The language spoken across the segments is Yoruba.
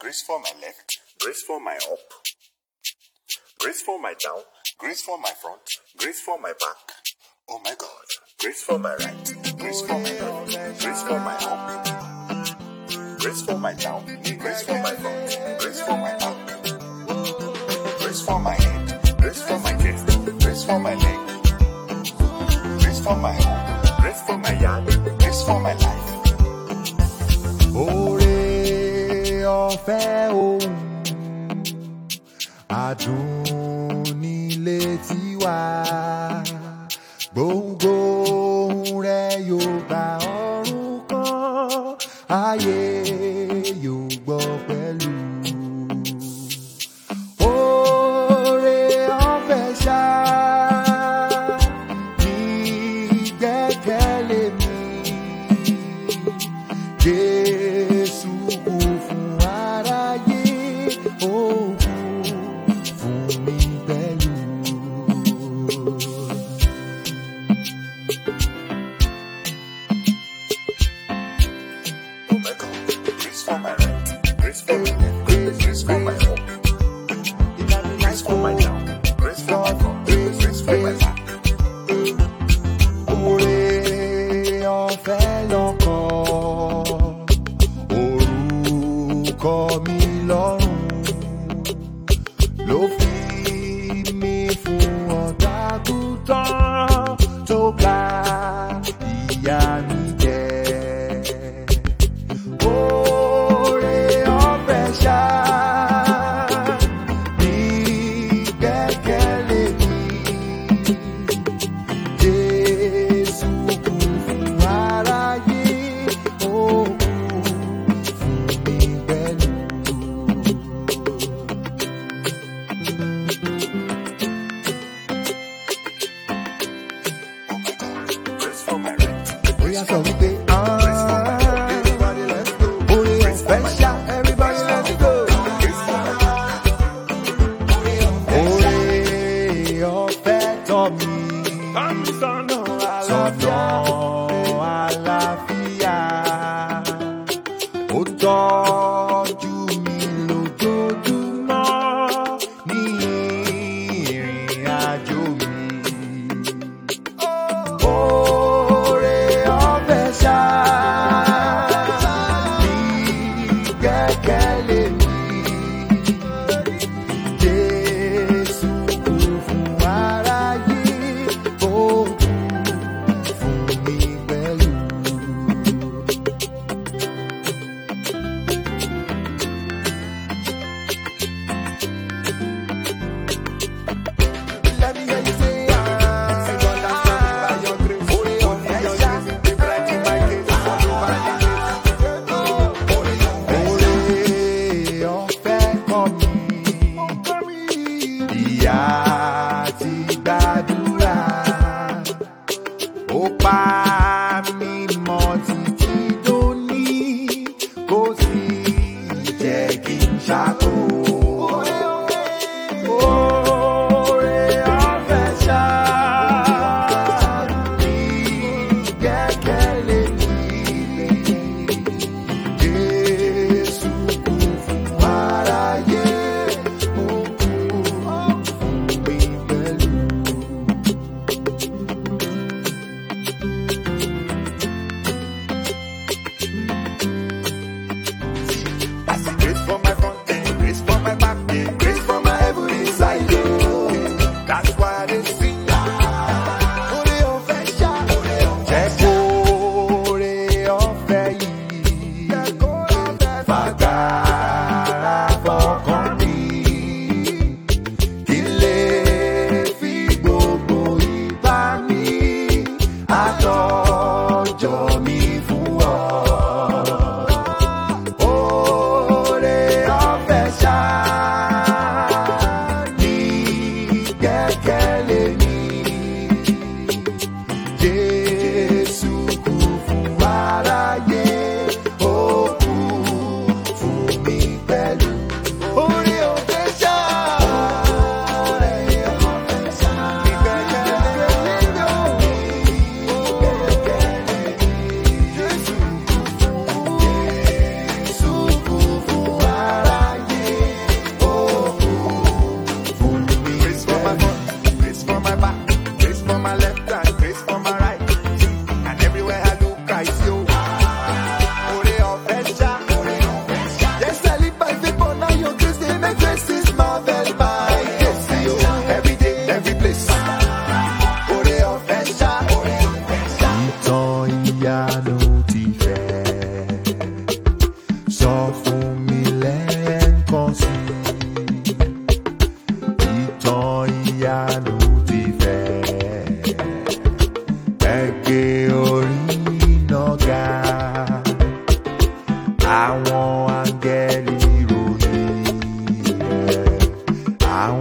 Grace for my left, grace for my up, grace for my down, grace for my front, grace for my back. Oh my God, Grace for my right, grace for my left, grace for my up, grace for my down, grace for my front, grace for my back, grace for my head, grace for my chest, grace for my leg, grace for my home, grace for my yard, grace for my life. Oh. ọ̀fẹ́ òun àdùnnílétí wa gbòǹgbòǹ rẹ yóò bá ọ̀run kọ́ ayé yóò gbọ́ pẹ̀lú. oore ọ̀fẹ́ ṣáá. Jésù kú Oh. guitar to play.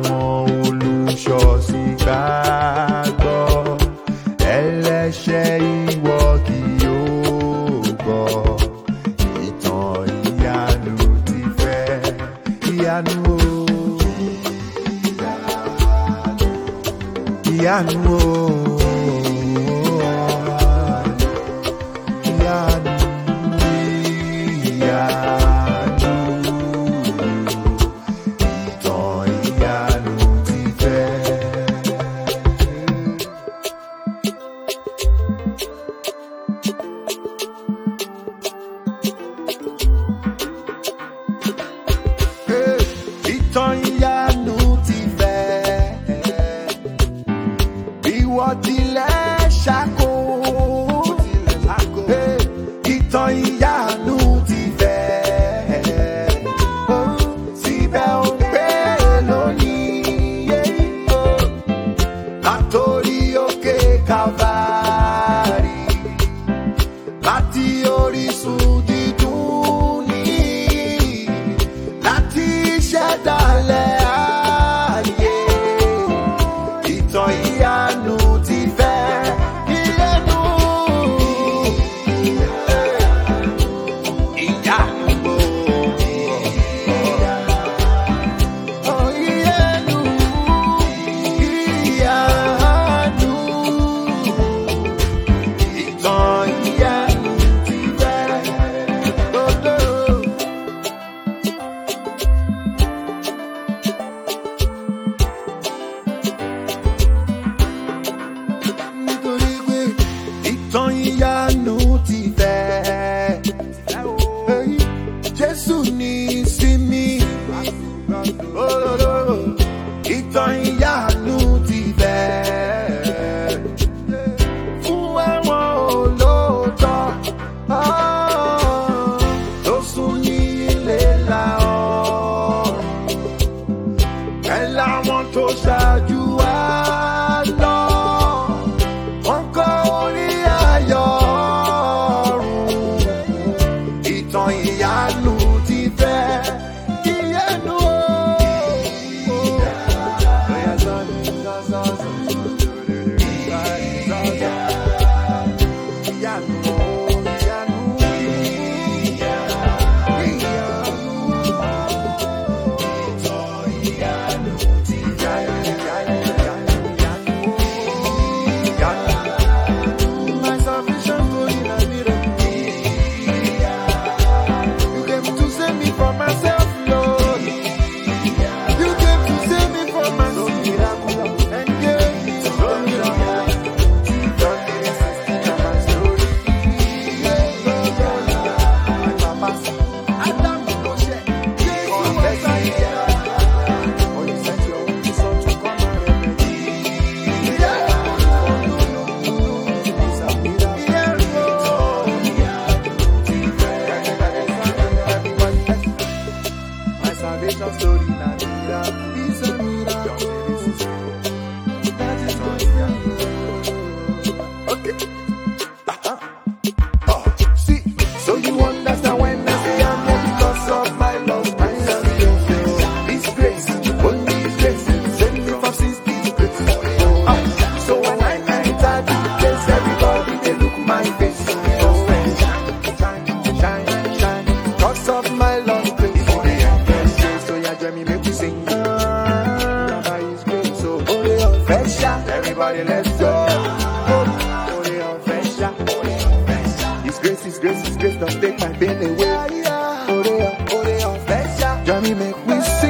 àwọn olùṣọ́sí gbàgbọ́ ẹlẹ́ṣẹ̀ ìwọ kì yóò gbọ́ ìtàn ìyanu ti fẹ́ ìyanu o ìyanu o. olóró ìtàn ìyanu ti bẹ̀rẹ̀ fún àwọn olóòótọ́ tó sùn tó ṣáájú. make me